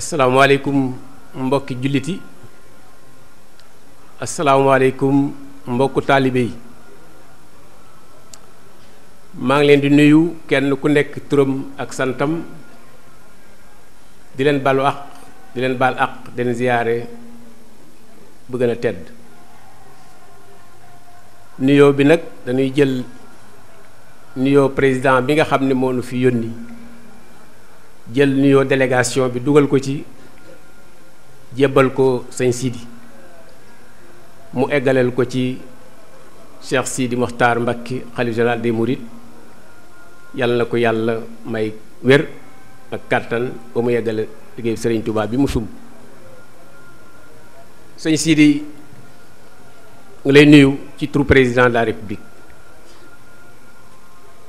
asalaamaaleykum mbokki julliti yi mbokku taalibe yi maa ngi leen di nuyu kenn ku nekk turam ak santam di leen balu àq di leen baal àq den leen ziyaare bu gën a tedd nuyoo bi nag dañuy jël nuyoo président bi nga xam ne moo nu fi yónni jël nuyoo délégation bi dugal ko ci jébbal ko sëñ Sidi mu eggaleel ko ci Cheikh Sidi Mokhtar Mbacke xalifa général des Mourides yàlla na ko yàlla may wér ak kàttan ba mu yeggale liggéey sëriñ Touba bi mu sumb sëñ Sidi ngi lay nuyu ci turu président de la république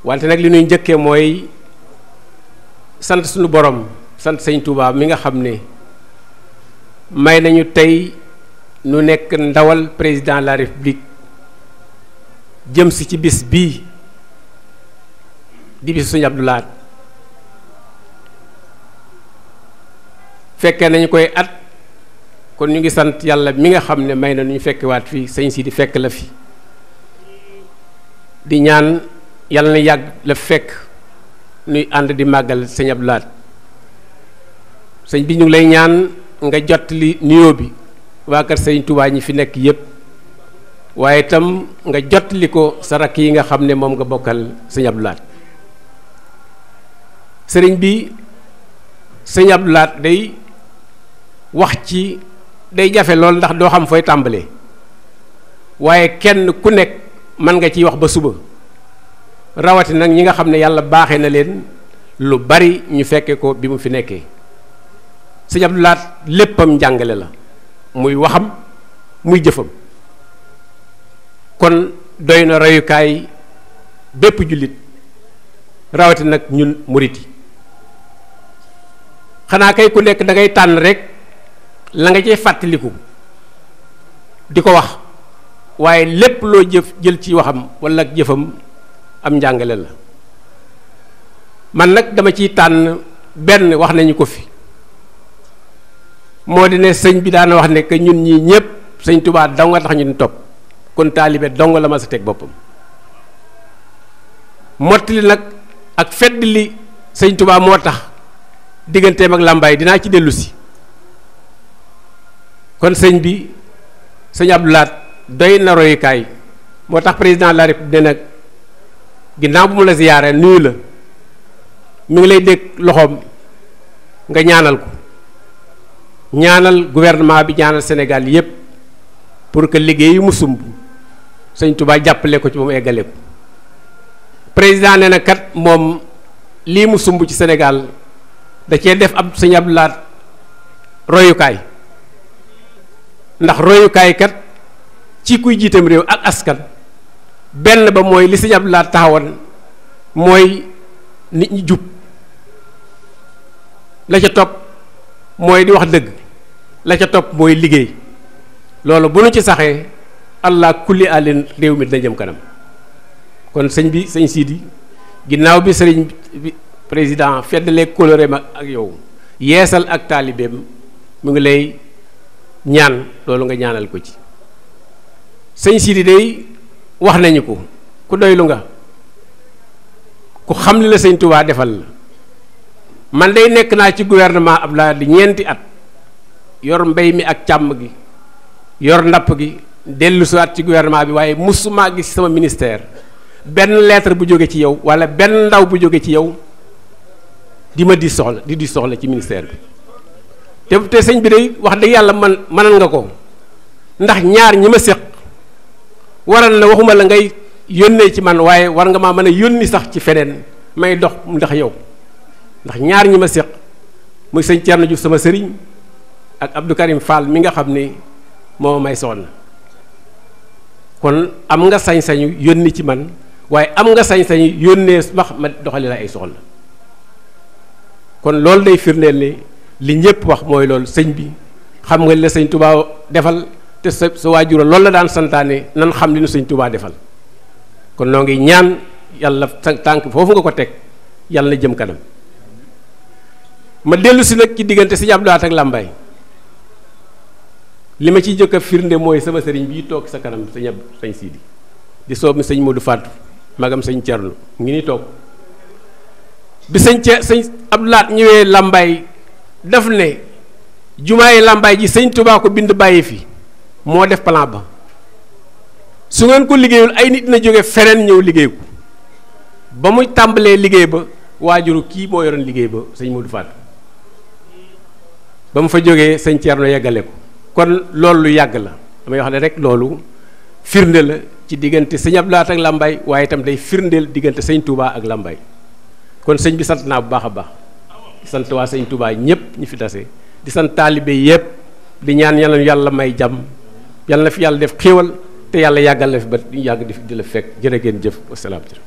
wante nag li ñuy njëkkee mooy. sant suñu borom sant sëñ Touba mi nga xam ne may nañu tey nu nekk ndawal président la république jëm si ci bis bii di bis suñu Abdoulaat fekkee nañu koy at kon ñu ngi sant yàlla mi nga xam ne may na ñu fekkewaat fii sëñ si di fekk la fi di ñaan yàlla na yàgg la fekk nuy ànd di màggal sëñablaat sëñ bi ñu ngi lay ñaan nga jot li nuyoo bi waa kër sëñ Touba ñi fi nekk yépp waaye tam nga jot li ko sa rakk yi nga xam ne moom nga bokkal sëñ sëriñ bi sëñablaat day wax ci day jafe lool ndax doo xam fooy tàmbalee waaye kenn ku nekk mën nga ciy wax ba suba rawati nag ñi nga xam ne yàlla baaxee na leen lu bari ñu fekke ko bi mu fi nekkee sëñ Abdou Lahat léppam njàngale la muy waxam muy jëfam kon doy na royukaay bépp jullit rawati nag ñun murit yi xanaa kay ku nekk dangay tànn rek la nga cay fàttaliku di ko wax waaye lépp loo jëf jël ci waxam walla jëfam am njàngale la man nag dama ciy tànn benn wax nañu ko fi moo di ne sëñ bi daana wax nekk ñun ñii ñëpp sëñ Tuubaa dong nga tax ñu topp kon taalibe dong la ma sa teg boppam mottali nag ak fedd li sëñ Tuubaa moo tax digganteem ak làmbaay dinaa ci dellusi kon sëñ bi sëñ Abdou Lahad doy na royukaay moo tax président de la république ne nag ginnaaw bu mu la ziyaaree nuyu la mu ngi lay dégg loxoom nga ñaanal ko ñaanal gouvernement bi ñaanal Sénégal yépp pour que liggéey yu mu sumb sëñ Touba jàppale ko ci ba mu eggale ko président nee na kat moom lii mu sumb ci Sénégal da cee def ab sëñ Abdou Lahad royukaay ndax royukaay kat ci kuy jiitam réew ak askan benn ba mooy li si yab laa taxawoon mooy nit ñi jub la ca topp mooy di wax dëgg la ca topp mooy liggéey loolu bu nu ci saxee allah kulli àlleen réew mi dina jëm kanam kon sëñ bi sëñ Sidi ginnaaw bi sëriñ président président feddalee kóllëreem ak yow yeesal ak taalibeem mu ngi lay ñaan loolu nga ñaanal ko ci sëñ Sidi day wax nañu ko ku doylu nga ku xam li la sëñ Tuubaa defal la man day nekk naa ci gouvernement Abdoulaye di ñeenti at yor mbay mi ak càmm gi yor napp gi dellu siwaat ci gouvernement bi waaye musuma gis sama ministère benn lettre bu jóge ci yow walla benn ndaw bu jóge ci yow di ma di soxla di di soxla ci ministère bi te te sëñ bi day wax dëgg yàlla man mënal nga ko ndax ñaar ñi ma séq waral na waxuma la ngay yónnee ci man waaye war nga maa mën a yónni sax ci feneen may dox ndax yow ndax ñaar ñi ma séq muy sëñ Thierno Diouf sama sëriñ ak Abdou Karim Fall mi nga xam ni moo may soxna kon am nga sañ-sañu yónni ci man waaye am nga sañ-sañu yónnee wax ma kon loolu day firndeel ni li ñëpp wax mooy loolu sëñ bi xam nga li la sëñ Tuubaa defal sa sa waajura loolu la daan santaane nan xam li nu sëñ Tuubaa defal kon noo ngi ñaan yàlla sa tànk foofu nga ko teg yàlla na jëm kanam ma dellu si nag ki diggante sëñ Abdou Lahat ak Lambaye li ma ci jëkk a firnde mooy sama sëriñ bii toog sa kanam sëñ ab sëñ Sidi di soob mi sëñ Modou Fatou magam sañ Thierno ngi ni toog bi sëñ ce sëñ Abdou ñëwee Lambaye daf ne jumaay Lambaye ji sëñ Tuubaa ko bind bàyyi fi moo def plan ba su ngeen ko liggéeyul ay nit na jóge feneen ñëw liggéey ko ba muy tàmbalee liggéey ba waajuru kii moo yoroon liggéey ba sëñ Modou Fall ba mu fa jógee sëñ Thierno yeggale ko kon loolu lu yàgg la damay wax ne rek loolu firnde la ci diggante sëñ Abdou Lahat ak Lambaye waaye itam day firndeel diggante sëñ Touba ak Lambaye kon sëñ bi sant naa bu baax a baax sant waa sëñ Touba ñëpp ñu fi tase di sant taalibe yëpp di ñaan yàlla yàlla may jàmm. yàlla na fi yàlla def xéewal te yàlla yàggal la fi ba yàgg di la fekk jërë ngeen jëf wasalaam